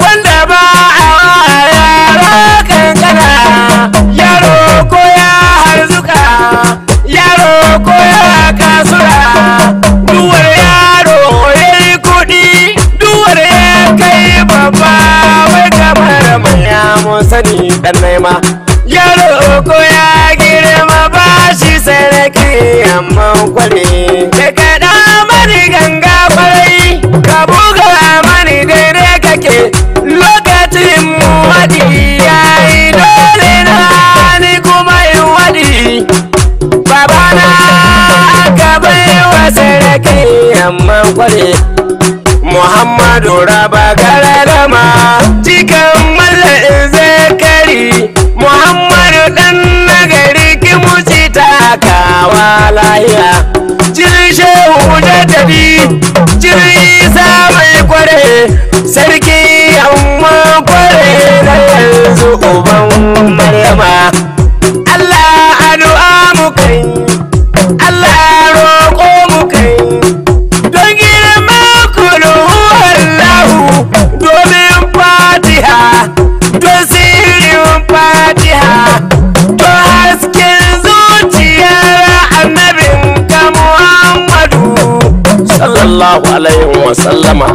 wanda ba a yaro kankana yaro ko ya harzuka yaro ko ya kasura duwar yaro ya yi kuɗi duwar ya kai babba wai kamar mai ya sani ɗan naima yaro ko ya girma ba shi sarki amma kwale ka buga mani daidai kake lokacin mu waɗi yayi dole na ni kuma in waɗi babana aka bai wa sarki amma kware muhammadu raba gararama cikin mallain zakari muhammadu dan nagari kimuci takawa lahiya cin shehu da tabi isa mai kware sallama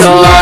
Lord.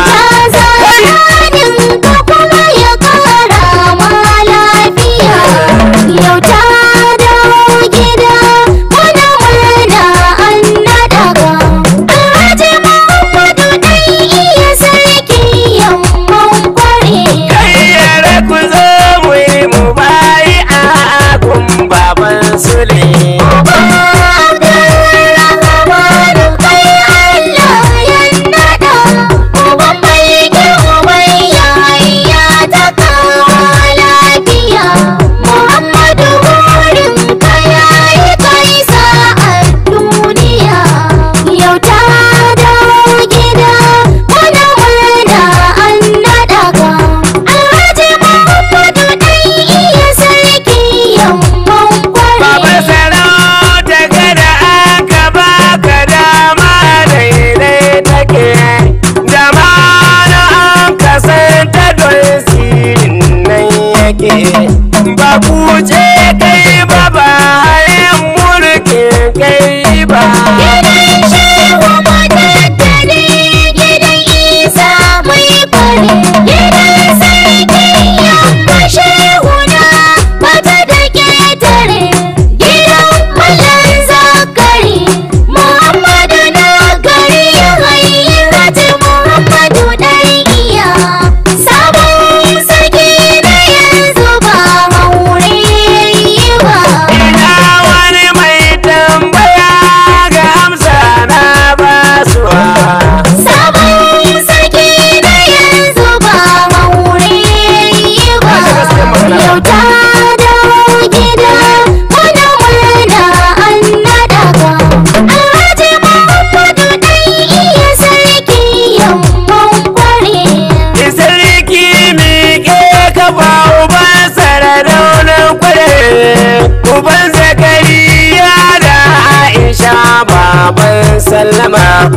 sallama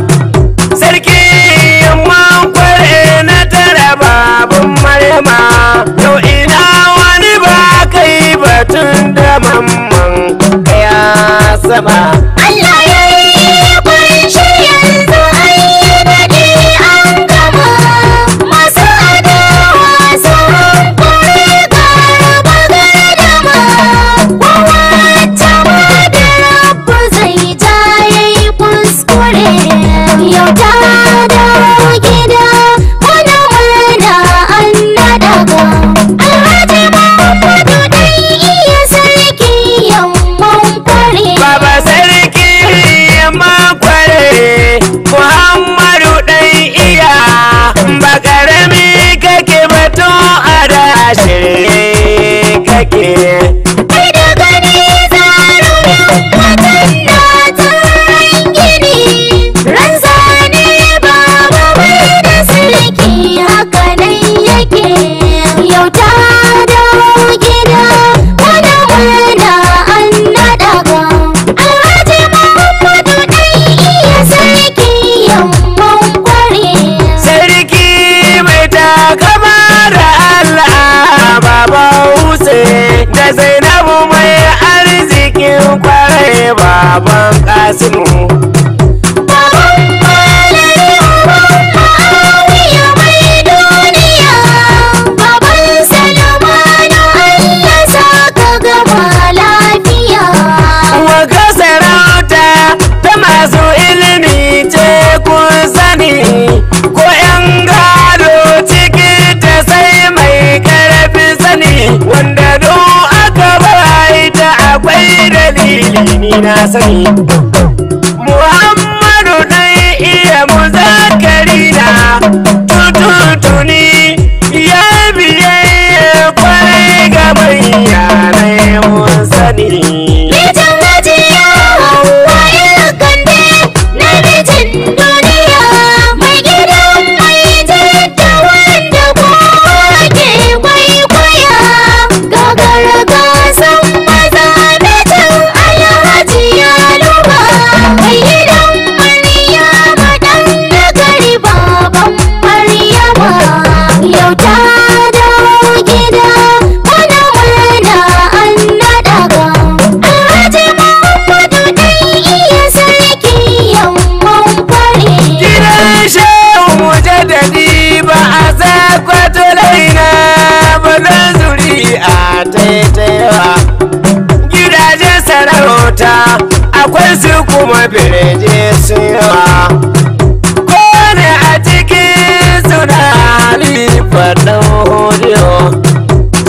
sarki yamma kware na tara babun marima yau ina wani ba kai batun da mamman ya sama ni na sani Muhammadu ɗan iya muzakari na su kuma birje su yawa kone a cikin suna lifar ɗan hodiyo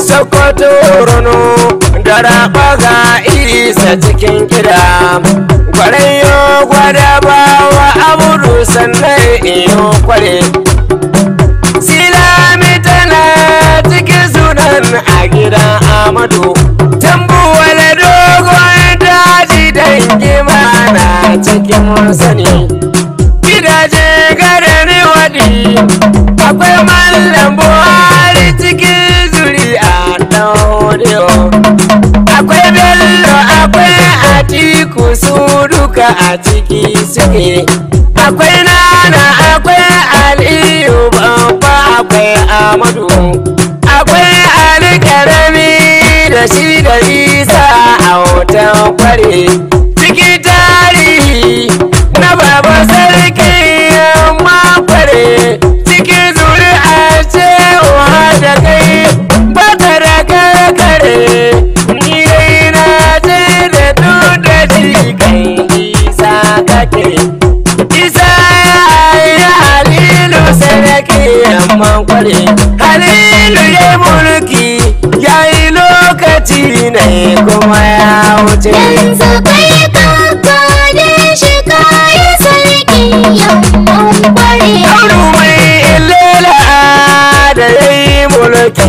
sokoto rono gara baga isa cikin gida kwarayo gwada bawa abudu sannan iyo kware silami tana cikin sunan a gidan amadu a cikin sani gidaje garin waɗi akwai mallam buhari cikin zuri'a na hodiyo akwai bello akwai atiku su duka a ciki suke akwai nana akwai aliyu babba akwai amadu akwai ali da shi da isa a hoton kware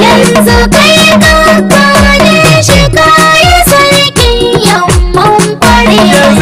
waje yanzu kai ka kare shi kai sarkin yamman kwarewa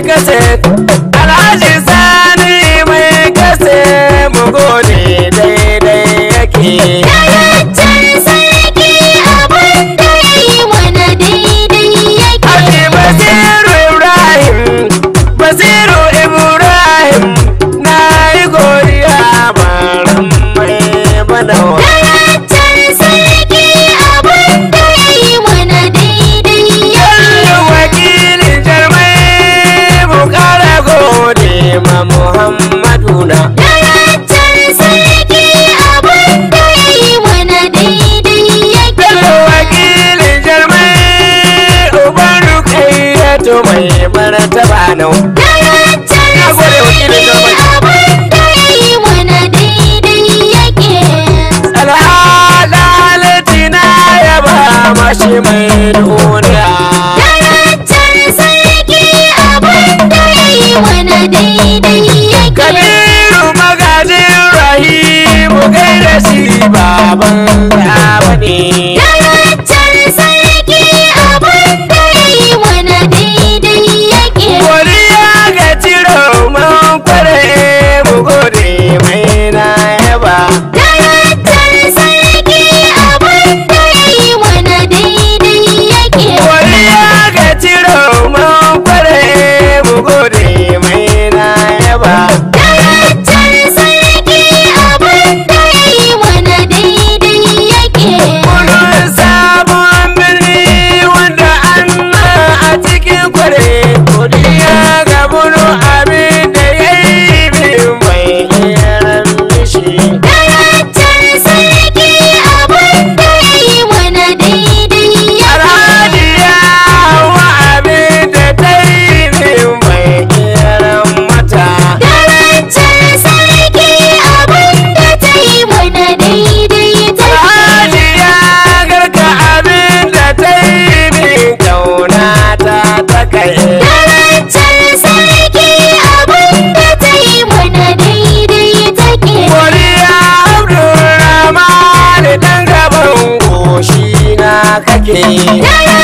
I got said nau na gode wa kirin gaban Alhalati na yaba mashi mai duniya Darajar sarki abin da ya yi mana daidai yake Kabiru magajin rahimu gaira shi baban daidai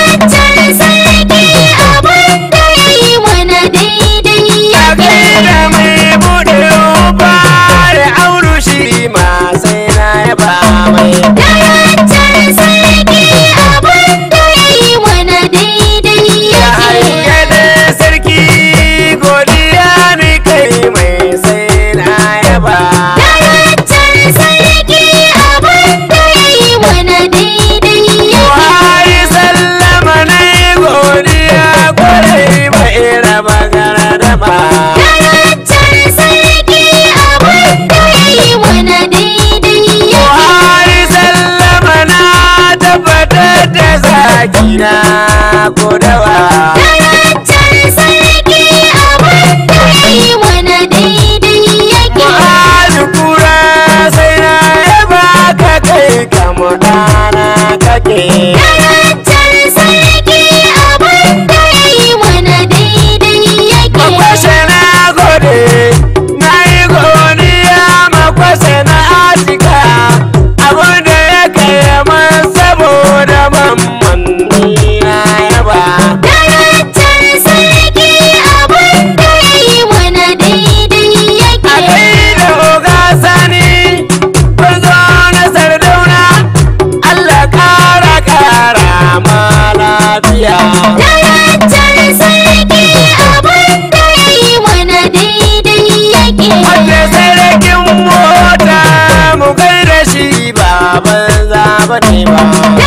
gudana kake gode ba